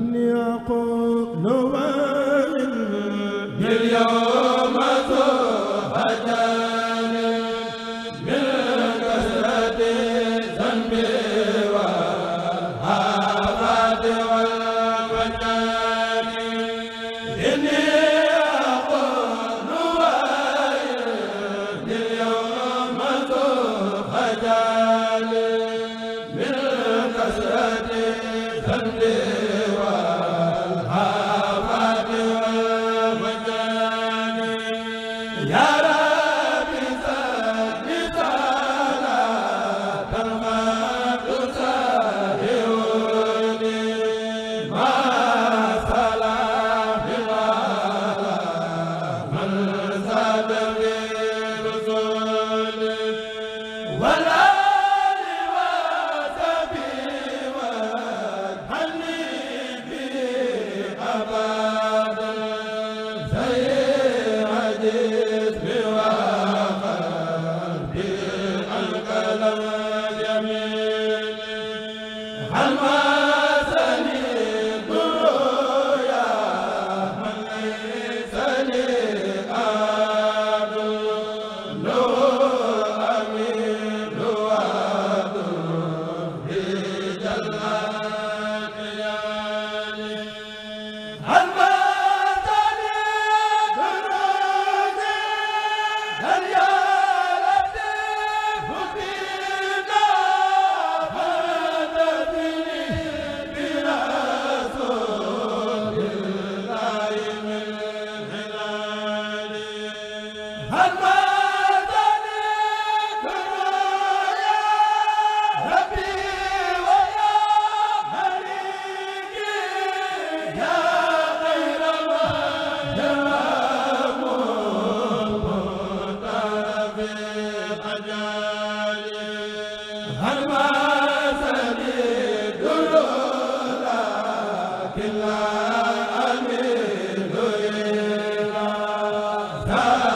من يقول ومن باليوم Mustafa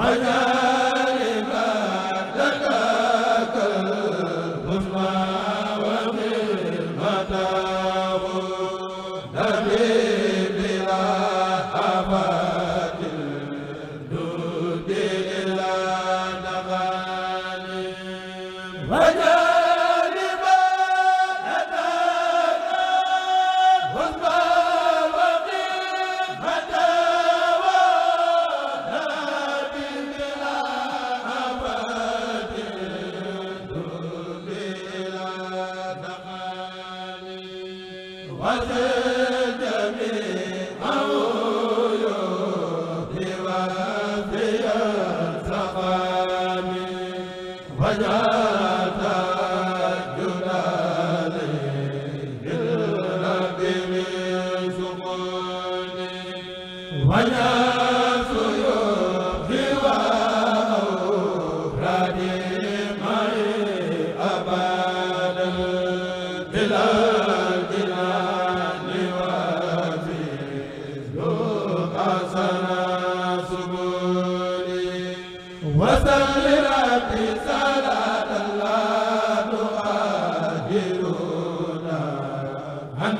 ma wala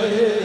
ay